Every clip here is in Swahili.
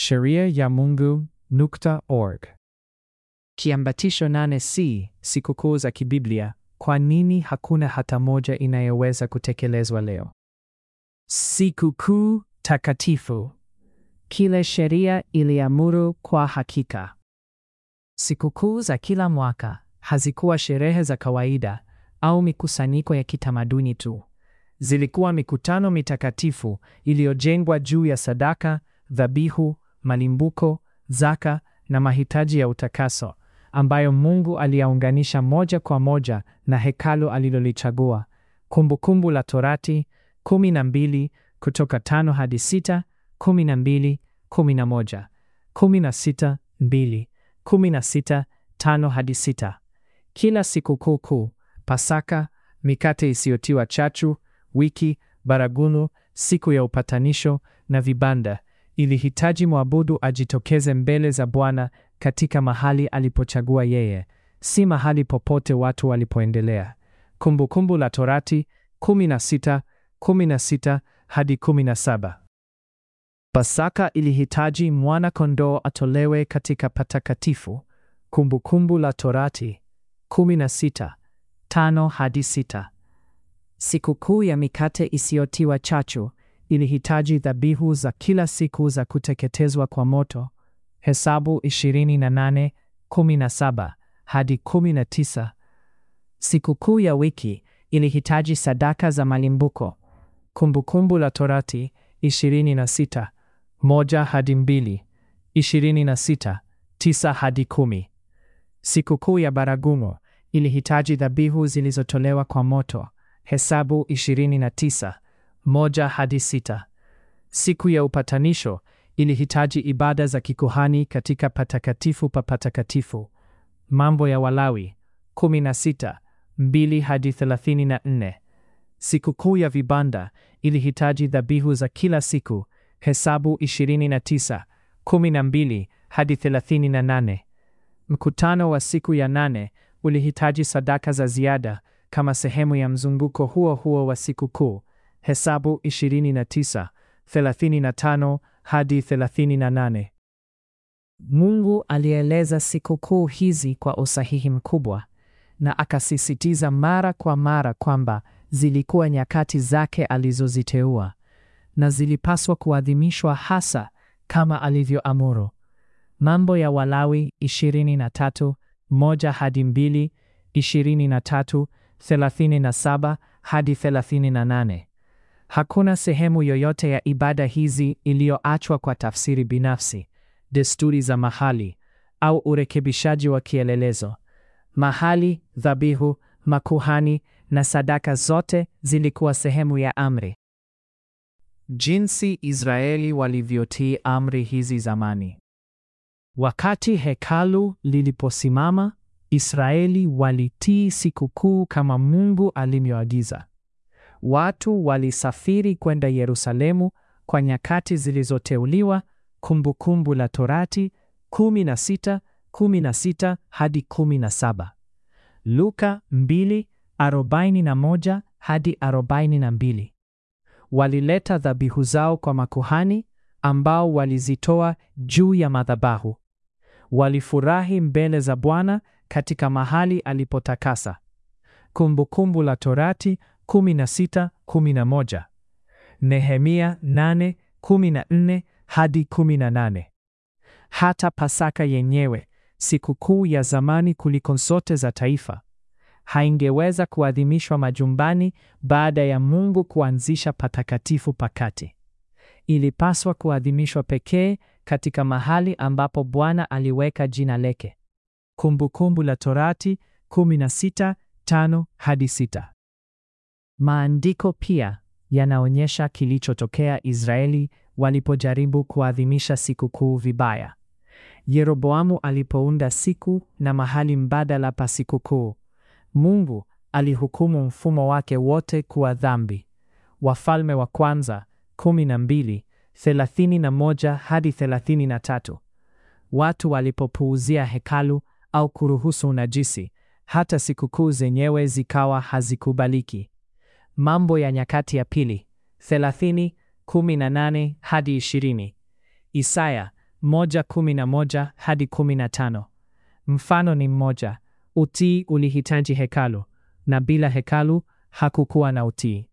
sheriayamungu.org. Kiambatisho nane c sikukuu za kibiblia. Kwa nini hakuna hata moja inayoweza kutekelezwa leo? Sikukuu takatifu, kile sheria iliamuru kwa hakika. Sikukuu za kila mwaka hazikuwa sherehe za kawaida au mikusanyiko ya kitamaduni tu. Zilikuwa mikutano mitakatifu iliyojengwa juu ya sadaka, dhabihu malimbuko, zaka na mahitaji ya utakaso ambayo Mungu aliyaunganisha moja kwa moja na hekalu alilolichagua. Kumbukumbu la Torati 12 kutoka 5 hadi 6, 12, 11, 16, 2, hadi 6. Kila siku kuu, Pasaka, mikate isiyotiwa chachu, wiki, baragunu siku ya upatanisho na vibanda Ilihitaji mwabudu ajitokeze mbele za Bwana katika mahali alipochagua yeye, si mahali popote watu walipoendelea. Kumbukumbu la Torati 16:16 hadi 17. Pasaka ilihitaji mwana kondoo atolewe katika patakatifu. Kumbukumbu la Torati 16:5 hadi 6. Sikukuu ya mikate isiyotiwa chachu ilihitaji dhabihu za kila siku za kuteketezwa kwa moto, Hesabu 28:17 hadi 19. Sikukuu ya wiki ilihitaji sadaka za malimbuko, Kumbukumbu la Torati 26:1 hadi 2, 26:9 hadi 10. Sikukuu ya baragumu ilihitaji dhabihu zilizotolewa kwa moto, Hesabu 29 moja hadi sita. Siku ya upatanisho ilihitaji ibada za kikuhani katika patakatifu pa patakatifu. Mambo ya Walawi 16 2 hadi 34. Sikukuu ya vibanda ilihitaji dhabihu za kila siku, Hesabu 29 12 hadi 38. Mkutano wa siku ya nane ulihitaji sadaka za ziada kama sehemu ya mzunguko huo huo wa sikukuu. Hesabu 29:35 hadi 38. Mungu alieleza sikukuu hizi kwa usahihi mkubwa na akasisitiza mara kwa mara kwamba zilikuwa nyakati zake alizoziteua na zilipaswa kuadhimishwa hasa kama alivyoamuru. Mambo ya Walawi 23 1 hadi 2, 23 37 hadi 38. Hakuna sehemu yoyote ya ibada hizi iliyoachwa kwa tafsiri binafsi, desturi za mahali au urekebishaji wa kielelezo. Mahali, dhabihu, makuhani na sadaka zote zilikuwa sehemu ya amri. Jinsi Israeli walivyotii amri hizi zamani. Wakati hekalu liliposimama, Israeli walitii sikukuu kama Mungu alimyoagiza watu walisafiri kwenda Yerusalemu kwa nyakati zilizoteuliwa, Kumbukumbu la Torati 16:16 hadi 17, Luka 2:41 hadi 42. Walileta dhabihu zao kwa makuhani ambao walizitoa juu ya madhabahu. Walifurahi mbele za Bwana katika mahali alipotakasa. Kumbukumbu la Torati 16:11, Nehemia 8:14 hadi 18. Hata Pasaka yenyewe, sikukuu ya zamani kuliko zote za taifa, haingeweza kuadhimishwa majumbani baada ya Mungu kuanzisha patakatifu pakati. Ilipaswa kuadhimishwa pekee katika mahali ambapo Bwana aliweka jina lake. Kumbukumbu la Torati 16:5 hadi 6. Maandiko pia yanaonyesha kilichotokea Israeli walipojaribu kuadhimisha sikukuu vibaya. Yeroboamu alipounda siku na mahali mbadala pa sikukuu, Mungu alihukumu mfumo wake wote kuwa dhambi. Wafalme wa Kwanza 12 hadi 33. Watu walipopuuzia hekalu au kuruhusu unajisi, hata sikukuu zenyewe zikawa hazikubaliki. Mambo ya Nyakati ya Pili 30:18 hadi 20, Isaya 1:11 hadi 15. Mfano ni mmoja: utii ulihitaji hekalu, na bila hekalu hakukuwa na utii.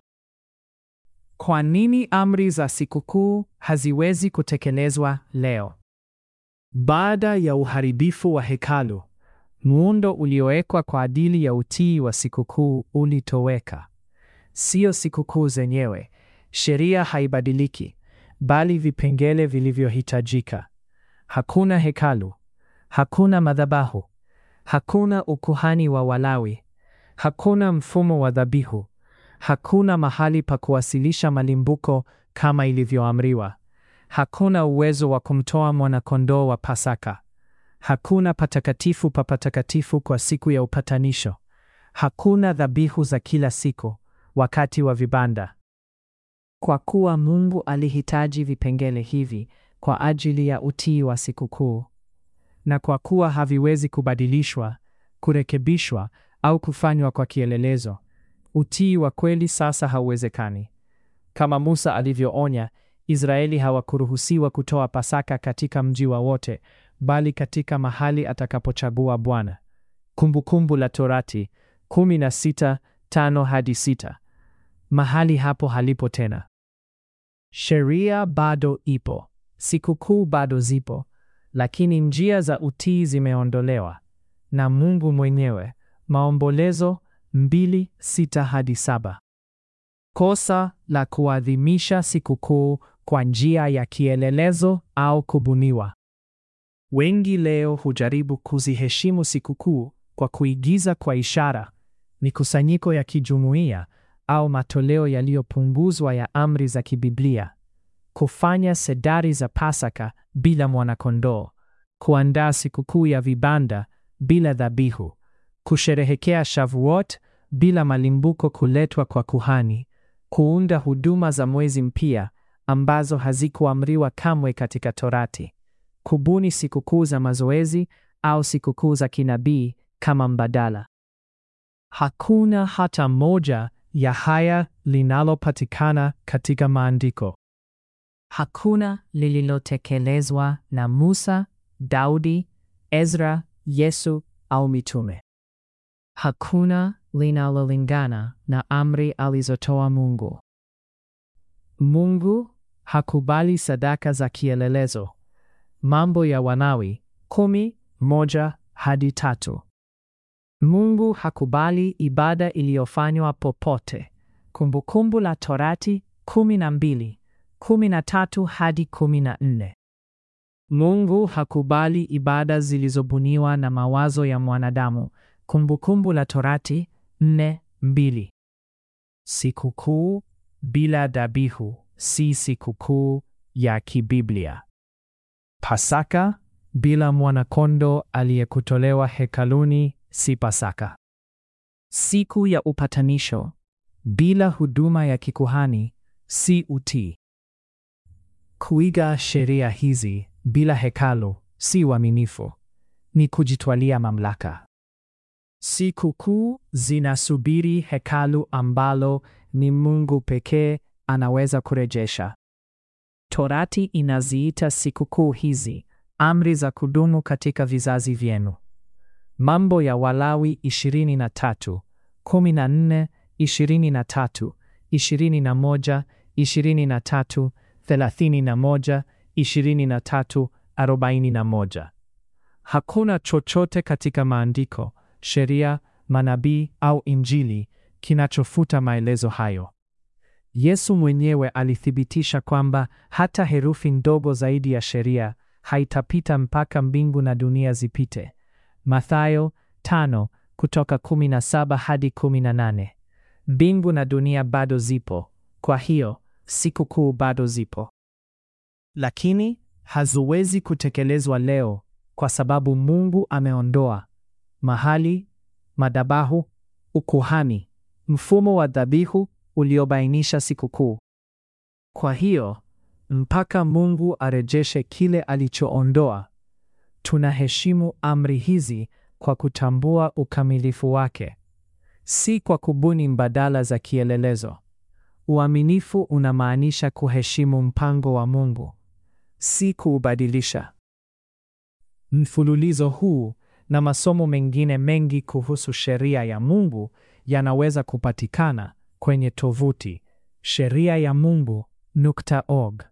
Kwa nini amri za sikukuu haziwezi kutekelezwa leo? Baada ya uharibifu wa hekalu, muundo uliowekwa kwa ajili ya utii wa sikukuu ulitoweka. Siyo sikukuu zenyewe, sheria haibadiliki, bali vipengele vilivyohitajika. Hakuna hekalu, hakuna madhabahu, hakuna ukuhani wa Walawi, hakuna mfumo wa dhabihu, hakuna mahali pa kuwasilisha malimbuko kama ilivyoamriwa, hakuna uwezo wa kumtoa mwanakondoo wa Pasaka, hakuna patakatifu pa patakatifu kwa siku ya upatanisho, hakuna dhabihu za kila siku wakati wa vibanda. Kwa kuwa Mungu alihitaji vipengele hivi kwa ajili ya utii wa sikukuu, na kwa kuwa haviwezi kubadilishwa, kurekebishwa au kufanywa kwa kielelezo, utii wa kweli sasa hauwezekani. Kama Musa alivyoonya, Israeli hawakuruhusiwa kutoa Pasaka katika mji wote, bali katika mahali atakapochagua Bwana. Kumbukumbu la Torati 16:5 hadi 6 mahali hapo halipo tena. Sheria bado ipo, sikukuu bado zipo, lakini njia za utii zimeondolewa na Mungu mwenyewe. Maombolezo mbili sita hadi saba. Kosa la kuadhimisha sikukuu kwa njia ya kielelezo au kubuniwa. Wengi leo hujaribu kuziheshimu sikukuu kwa kuigiza kwa ishara, mikusanyiko ya kijumuiya au matoleo yaliyopunguzwa ya amri za kibiblia, kufanya sedari za Pasaka bila mwanakondoo, kuandaa sikukuu ya vibanda bila dhabihu, kusherehekea Shavuot bila malimbuko kuletwa kwa kuhani, kuunda huduma za mwezi mpya ambazo hazikuamriwa kamwe katika Torati, kubuni sikukuu za mazoezi au sikukuu za kinabii kama mbadala. Hakuna hata moja ya haya linalopatikana katika maandiko. Hakuna lililotekelezwa na Musa, Daudi, Ezra, Yesu au mitume. Hakuna linalolingana na amri alizotoa Mungu. Mungu hakubali sadaka za kielelezo. Mambo ya Wanawi kumi moja hadi tatu. Mungu hakubali ibada iliyofanywa popote. Kumbukumbu la Torati 12 hadi 14. Mungu hakubali ibada zilizobuniwa na mawazo ya mwanadamu. Kumbukumbu la Torati 4:2. Sikukuu bila dhabihu si sikukuu ya kibiblia. Pasaka bila mwanakondo aliyekutolewa hekaluni si Pasaka. Siku ya upatanisho bila huduma ya kikuhani si utii. Kuiga sheria hizi bila hekalu si uaminifu, ni kujitwalia mamlaka. Siku kuu zinasubiri hekalu ambalo ni Mungu pekee anaweza kurejesha. Torati inaziita sikukuu hizi amri za kudumu katika vizazi vyenu. Mambo ya Walawi 23, 14, 23, 21, 23, 31, 41. Hakuna chochote katika maandiko, sheria, manabii au Injili kinachofuta maelezo hayo. Yesu mwenyewe alithibitisha kwamba hata herufi ndogo zaidi ya sheria haitapita mpaka mbingu na dunia zipite. Mathayo tano kutoka kumi na saba hadi kumi na nane. Mbingu na dunia bado zipo, kwa hiyo sikukuu bado zipo, lakini haziwezi kutekelezwa leo kwa sababu Mungu ameondoa mahali, madabahu, ukuhani, mfumo wa dhabihu uliobainisha sikukuu. Kwa hiyo mpaka Mungu arejeshe kile alichoondoa, tunaheshimu amri hizi kwa kutambua ukamilifu wake, si kwa kubuni mbadala za kielelezo. Uaminifu unamaanisha kuheshimu mpango wa Mungu, si kuubadilisha. Mfululizo huu na masomo mengine mengi kuhusu sheria ya Mungu yanaweza kupatikana kwenye tovuti sheria ya Mungu.org.